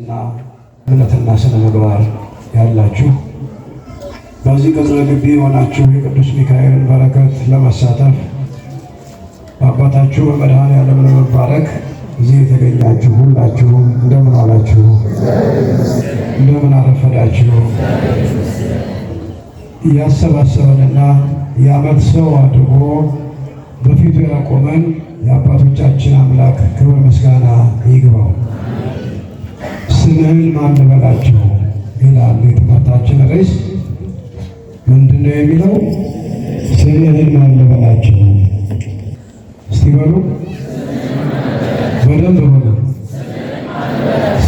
እና እምነትና ስነ ምግባር ያላችሁ በዚህ ቅጽረ ግቢ የሆናችሁ የቅዱስ ሚካኤልን በረከት ለመሳተፍ በአባታችሁ በመድኃኔዓለም ለመባረክ እዚህ የተገኛችሁ ሁላችሁም እንደምን አላችሁ? እንደምን አረፈዳችሁ? ያሰባሰበንና የዓመት ሰው አድርጎ በፊቱ ያቆመን የአባቶቻችን አምላክ ክብር ምስጋና ይግባው። ስምህን ማን ልበላቸው ይላል የትምህርታችን ርዕስ ምንድነው የሚለው ስምህን ማን እስቲ በሉ በደንብ በሉ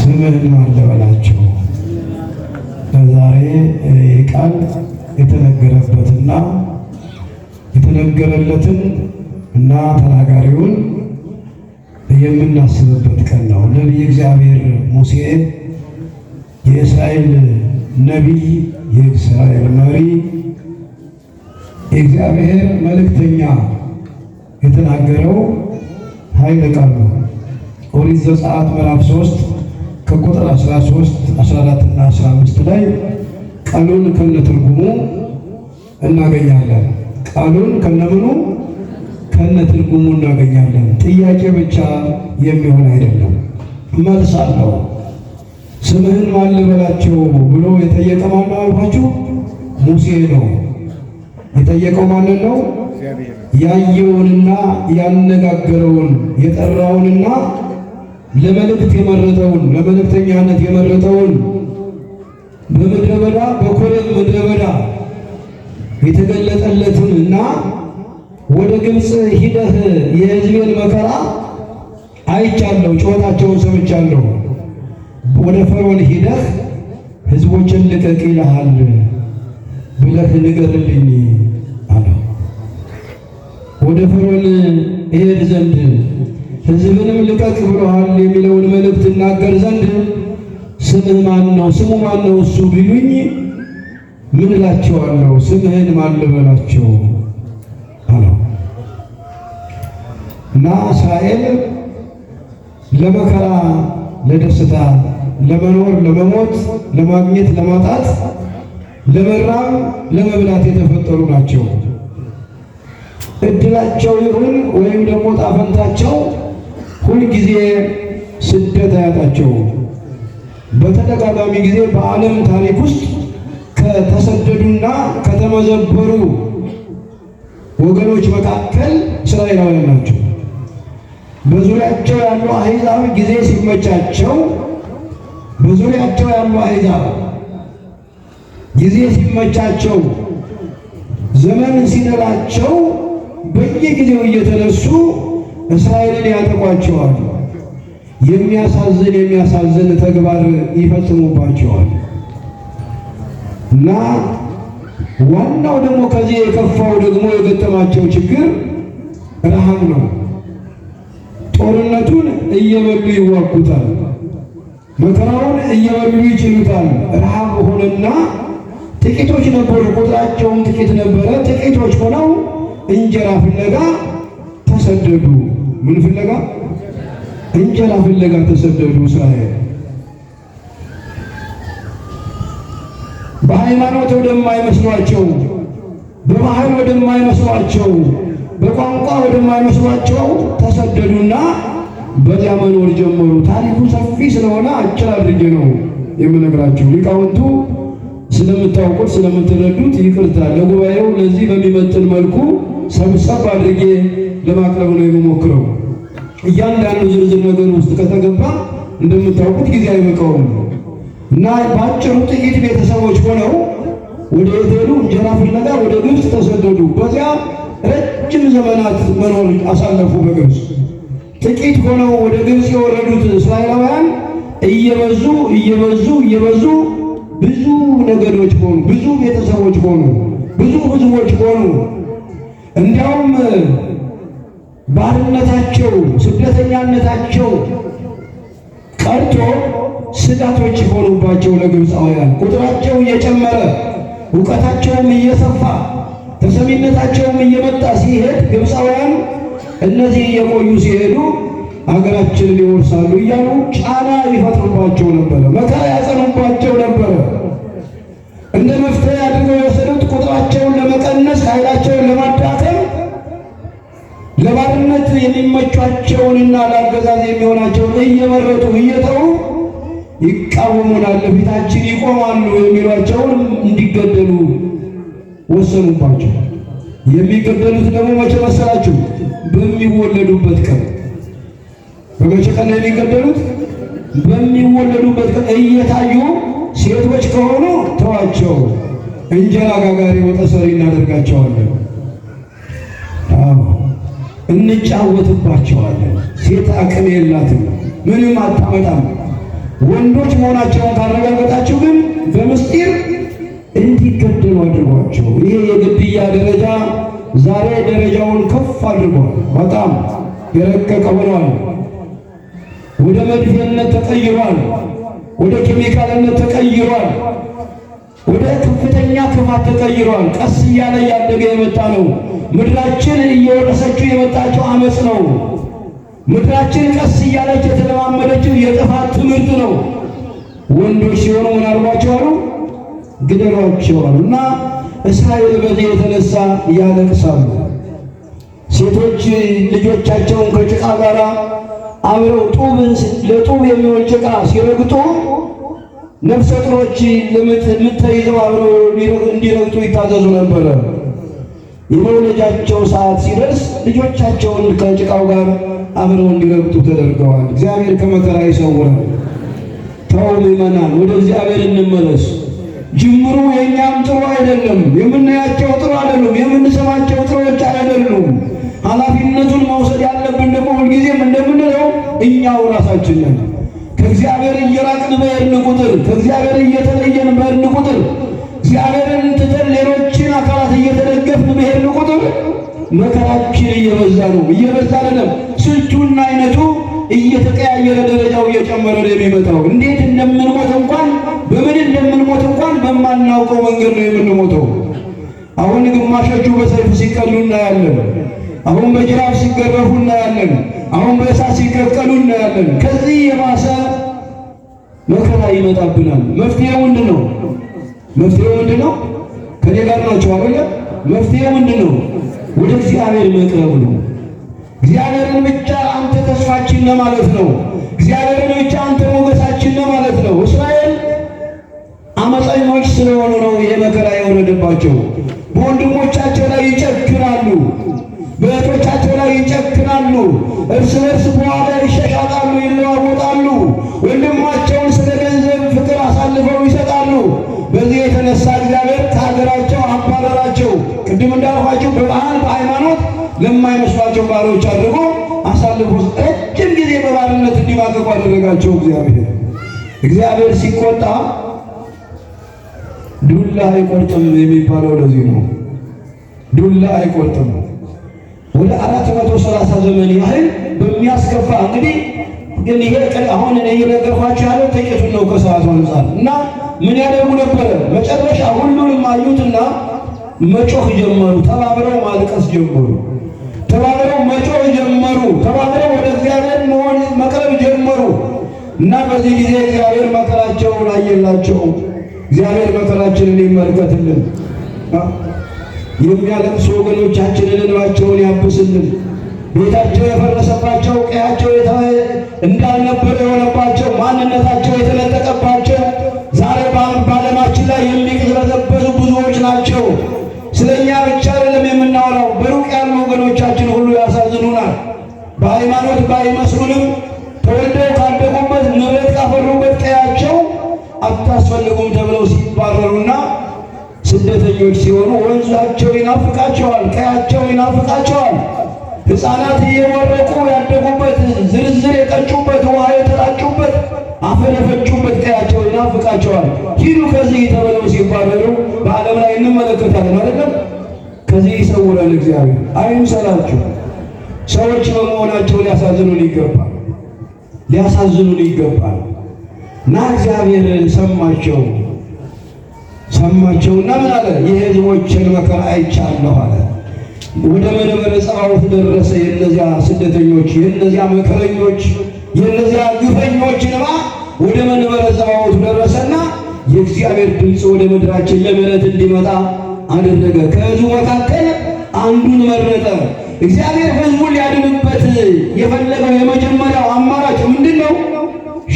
ስምህን ማን ልበላቸው ለዛሬ ይህ ቃል የተነገረበትና የተነገረለትን እና ተናጋሪውን የምናስብበት ነቢይ እግዚአብሔር ሙሴ የእስራኤል ነቢይ፣ የእስራኤል መሪ፣ የእግዚአብሔር መልእክተኛ የተናገረው ኃይለ ቃል ነው። ኦሪት ዘጸአት ምዕራፍ 3 ከቁጥር 13፣ 14 እና 15 ላይ ቃሉን ከነትርጉሙ እናገኛለን። ቃሉን ከነምኑ ከነትርጉሙ እናገኛለን። ጥያቄ ብቻ የሚሆን አይደለም። መልስ አለው። ስምህን ማን ልበላቸው ብሎ የጠየቀ ማን ነው አልኳችሁ? ሙሴ ነው የጠየቀው። ማንን ነው? ያየውንና ያነጋገረውን የጠራውንና ለመልእክት የመረጠውን ለመልእክተኛነት የመረጠውን በምድረ በዳ በኮሬብ ምድረ በዳ የተገለጠለትን እና ወደ ግብፅ ሂደህ የሕዝቤን መከራ አይቻለሁ፣ ጩኸታቸውን ሰምቻለሁ። ወደ ፈርዖን ሂደህ ህዝቦችን ልቀቅ ይልሃል ብለህ ንገርልኝ አለው። ወደ ፈርዖን እሄድ ዘንድ ህዝብንም ልቀቅ ብሎሃል የሚለውን መልእክት እናገር ዘንድ ስምህ ማን ነው? ስሙ ማን ነው? እሱ ቢሉኝ ምን እላቸዋለሁ? ስምህን ማን ልበላቸው አለው እና እስራኤል ለመከራ ለደስታ፣ ለመኖር ለመሞት፣ ለማግኘት ለማጣት፣ ለመራም ለመብላት የተፈጠሩ ናቸው። እድላቸው ይሁን ወይም ደግሞ ጣፈንታቸው ሁልጊዜ ስደት አያጣቸው። በተደጋጋሚ ጊዜ በዓለም ታሪክ ውስጥ ከተሰደዱና ከተመዘበሩ ወገኖች መካከል እስራኤላውያን ናቸው። በዙሪያቸው ያሉ አሕዛብ ጊዜ ሲመቻቸው በዙሪያቸው ያሉ አሕዛብ ጊዜ ሲመቻቸው ዘመን ሲነላቸው በየጊዜው እየተነሱ እስራኤልን ያጠቋቸዋል። የሚያሳዝን የሚያሳዝን ተግባር ይፈጽሙባቸዋል እና ዋናው ደግሞ ከዚህ የከፋው ደግሞ የገጠማቸው ችግር ረሃብ ነው። ጦርነቱን እየበሉ ይዋጉታል፣ መከራውን እየበሉ ይችሉታል። ረሃብ ሆነና ጥቂቶች ነበሩ፣ ቁጥራቸውም ጥቂት ነበረ። ጥቂቶች ሆነው እንጀራ ፍለጋ ተሰደዱ። ምን ፍለጋ? እንጀራ ፍለጋ ተሰደዱ። እስራኤል በሃይማኖት ወደማይመስሏቸው፣ በባህል ወደማይመስሏቸው በቋንቋ ወደማይመስሏቸው ተሰደዱና በዚያ መኖር ጀመሩ። ታሪኩ ሰፊ ስለሆነ አጭር አድርጌ ነው የምነግራችሁ። ሊቃውንቱ ስለምታውቁት ስለምትረዱት ይቅርታ፣ ለጉባኤው ለዚህ በሚመጥን መልኩ ሰብሰብ አድርጌ ለማቅረብ ነው የምሞክረው። እያንዳንዱ ዝርዝር ነገር ውስጥ ከተገባ እንደምታውቁት ጊዜ አይበቃውም እና በአጭሩ ጥቂት ቤተሰቦች ሆነው ወደ የት ሄዱ? እንጀራ ፍለጋ ወደ ግብፅ ተሰደዱ። በዚያ ረጅም ዘመናት መኖር አሳለፉ በግብፅ። ጥቂት ሆነው ወደ ግብፅ የወረዱት እስራኤላውያን እየበዙ እየበዙ እየበዙ ብዙ ነገዶች ሆኑ፣ ብዙ ቤተሰቦች ሆኑ፣ ብዙ ህዝቦች ሆኑ። እንዲያውም ባርነታቸው ስደተኛነታቸው ቀርቶ ስጋቶች ሆኑባቸው ለግብፃውያን ቁጥራቸው እየጨመረ እውቀታቸውም እየሰፋ ሰሚነታቸውም እየመጣ ሲሄድ ግብፃውያን እነዚህ እየቆዩ ሲሄዱ ሀገራችንን ይወርሳሉ እያሉ ጫና ይፈጥሩባቸው ነበረ። መከራ ያጸኑባቸው ነበረ። እንደ መፍትሄ አድርገው የወሰዱት ቁጥራቸውን ለመቀነስ ኃይላቸውን ለማዳከም ለባርነት የሚመቿቸውንና ለአገዛዝ የሚሆናቸውን እየመረጡ እየተዉ ይቃወሙናል፣ ፊታችን ይቆማሉ የሚሏቸውን እንዲገደሉ ወሰኑባቸው። የሚገደሉት ደግሞ መቼ መሰላችሁ? በሚወለዱበት ቀን። በመቼ ቀን ነው የሚገደሉት? በሚወለዱበት ቀን። እየታዩ ሴቶች ከሆኑ ተዋቸው፣ እንጀራ ጋጋሪ ወጥ ሰሪ እናደርጋቸዋለን፣ እንጫወትባቸዋለን። ሴት አቅም የላትም፣ ምንም አታመጣም። ወንዶች መሆናቸው ደረጃውን ከፍ አድርጓል። በጣም የረቀቀ ሆኗል። ወደ መድፌነት ተቀይሯል። ወደ ኬሚካልነት ተቀይሯል። ወደ ከፍተኛ ክፋት ተቀይሯል። ቀስ እያለ እያደገ የመጣ ነው። ምድራችን እየወረሰችው የመጣችው አመፅ ነው። ምድራችን ቀስ እያለች የተለማመደችው የጥፋት ትምህርት ነው። ወንዶች ሲሆኑ ምን አድርጓቸዋሉ? ግደሏቸዋል እና እስራኤል በዚህ የተነሳ ያለቅሳሉ። ሴቶች ልጆቻቸውን ከጭቃ ጋር አብረው ጡብ ለጡብ የሚሆን ጭቃ ሲረግጡ ነፍሰ ጡሮች ምጥ ይዘው አብረው እንዲረግጡ ይታዘዙ ነበረ። የመውለጃቸው ሰዓት ሲደርስ ልጆቻቸውን ከጭቃው ጋር አብረው እንዲረግጡ ተደርገዋል። እግዚአብሔር ከመከራ ይሰውራል። ተው ይመናል ወደ እግዚአብሔር እንመለስ። ጅምሩ የእኛም ጥሩ አይደለም፣ የምናያቸው ጥሩ አይደሉም፣ የምንሰማቸው ጥሩዎች አይደሉም። ኃላፊነቱን መውሰድ ያለብን ደግሞ ሁልጊዜም እንደምንለው እኛው ራሳችን ነን። ከእግዚአብሔር እየራቅን በሄድን ቁጥር፣ ከእግዚአብሔር እየተለየን በሄድን ቁጥር፣ እግዚአብሔርን ትተን ሌሎችን አካላት እየተደገፍን በሄድን ቁጥር መከራችን እየበዛ ነው። እየበዛ አይደለም ስልቱና አይነቱ እየተቀያየረ ደረጃው እየጨመረ ነው የሚመጣው። እንዴት እንደምንሞት እንኳን በምን እንደምንሞት እንኳን በማናውቀው መንገድ ነው የምንሞተው። አሁን ግማሾቹ በሰይፍ ሲቀሉ እናያለን። አሁን በጅራፍ ሲገረፉ እናያለን። አሁን በእሳት ሲቀቀሉ እናያለን። ከዚህ የባሰ መከራ ይመጣብናል። መፍትሄ ምንድን ነው? መፍትሄ ምንድን ነው? ከኔ ጋር ናቸው አለ። ምንድን ነው? ወደ እግዚአብሔር መቅረብ ነው። እግዚአብሔርን ብቻ አንተ ተስፋችን ለማለት ነው። እግዚአብሔርን ብቻ አንተ ሞገሳችን ለማለት ነው። እስራኤል አመፀኞች ስለሆኑ ነው ይሄ መከራ የወረደባቸው። በወንድሞቻቸው ላይ ይጨክራሉ። በእህቶቻቸው ላይ ይጨክናሉ። እርስ በርስ በኋላ ይሸሻጣሉ፣ ይለዋወጣሉ። ወንድማቸውን ስለ ገንዘብ ፍቅር አሳልፈው ይሰጣሉ። በዚህ የተነሳ እግዚአብሔር ከሀገራቸው አባረራቸው። ቅድም እንዳልኋቸው በባህል በሃይማኖት ለማይመስሏቸው ባሮች አድርጎ አሳልፎ ረጅም ጊዜ በባርነት እንዲማቀቁ አደረጋቸው። እግዚአብሔር እግዚአብሔር ሲቆጣ ዱላ አይቆርጥም የሚባለው ለዚህ ነው። ዱላ አይቆርጥም። ወደ አራት መቶ ሰላሳ ዘመን ያህል በሚያስከፋ እንግዲህ ግን ይሄ አሁን እኔ እየነገርኳቸው ያለው ጥቂቱን ነው ከሰዓቱ አንጻር እና ምን ያደርጉ ነበረ? መጨረሻ ሁሉንም አዩትና መጮህ ጀመሩ። ተባብረው ማልቀስ ጀመሩ። ተባብረው መጮህ ጀመሩ። ተባብረው ወደ እግዚአብሔር መሆን መቅረብ ጀመሩ። እና በዚህ ጊዜ እግዚአብሔር መከራቸውን አየላቸው። እግዚአብሔር መከራችንን ይመልከትልን። የሚያለቅሱ ወገኖቻችን እንባቸውን ያብስልን። ቤታቸው የፈረሰባቸው፣ ቀያቸው እንዳልነበረ የሆነባቸው፣ ማንነታቸው የተነጠቀባቸው ዛሬ በዓለማችን ላይ የሚቅበዘበዙ ብዙዎች ናቸው። ስለ እኛ ብቻ አይደለም የምናወራው። በሩቅ ያሉ ወገኖቻችን ሁሉ ያሳዝኑናል። በሃይማኖት ባይመስሉንም ተወልደው ካደጉበት ንብረት ካፈሩበት ቀያቸው አታስፈልጉም ተብለው ሲባረሩና ስደተኞች ሲሆኑ ወንዛቸው ይናፍቃቸዋል፣ ቀያቸው ይናፍቃቸዋል። ሕፃናት እየወረቁ ያደጉበት ዝርዝር የቀጩበት ውሃ የተጣጩበት አፈለፈጩበት ቀያቸው ይናፍቃቸዋል። ሂዱ ከዚህ ተብለው ሲባረሩ በዓለም ላይ እንመለከታለን አይደለም። ከዚህ ይሰውረን እግዚአብሔር። አይምሰላችሁ ሰዎች በመሆናቸው ሊያሳዝኑን ይገባል፣ ሊያሳዝኑን ይገባል እና እግዚአብሔር ሰማቸው። ሰማቸውና ምን አለ? የህዝቦችን መከራ አይቻለሁ አለ። ወደ መንበረ ጸባዖት ደረሰ። የእነዚያ ስደተኞች፣ የእነዚያ መከረኞች፣ የእነዚያ ግፈኞች እንባ ወደ መንበረ ጸባዖት ደረሰና የእግዚአብሔር ድምፅ ወደ ምድራችን ለምሕረት እንዲመጣ አደረገ። ከህዝቡ መካከል አንዱን መረጠ። እግዚአብሔር ህዝቡ ሊያድንበት የፈለገው የመጀመሪያው አማራጭ ምንድን ነው?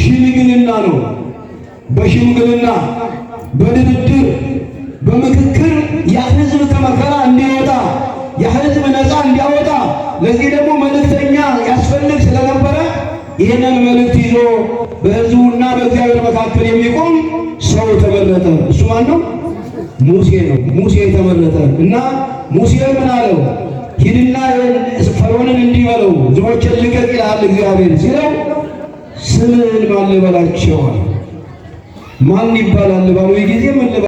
ሽምግልና ነው። በሽምግልና በድርድር በምክክር ያ ህዝብ ከመከራ እንዲወጣ ያ ህዝብ ነፃ እንዲያወጣ ለዚህ ደግሞ መልእክተኛ ያስፈልግ ስለነበረ ይህንን መልእክት ይዞ በህዝቡና በእግዚአብሔር መካከል የሚቆም ሰው ተመረጠ። እሱ ማን ነው? ሙሴ ነው። ሙሴ ተመረጠ እና ሙሴ ምን አለው? ሂድና ፈርዖንን እንዲህ በለው፣ ልቀቅ ይልሃል እግዚአብሔር ሲለው ስምን ማለበላቸዋል። ማን ይባላል ባሉ ጊዜ ምን